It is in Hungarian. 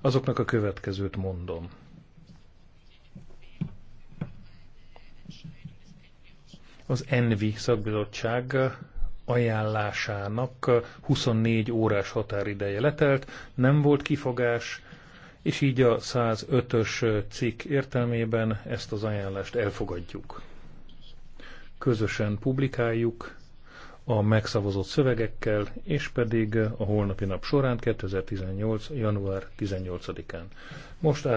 azoknak a következőt mondom. Az Envi szakbizottság ajánlásának 24 órás határideje letelt, nem volt kifogás, és így a 105-ös cikk értelmében ezt az ajánlást elfogadjuk. Közösen publikáljuk a megszavazott szövegekkel, és pedig a holnapi nap során 2018. január 18-án. Most át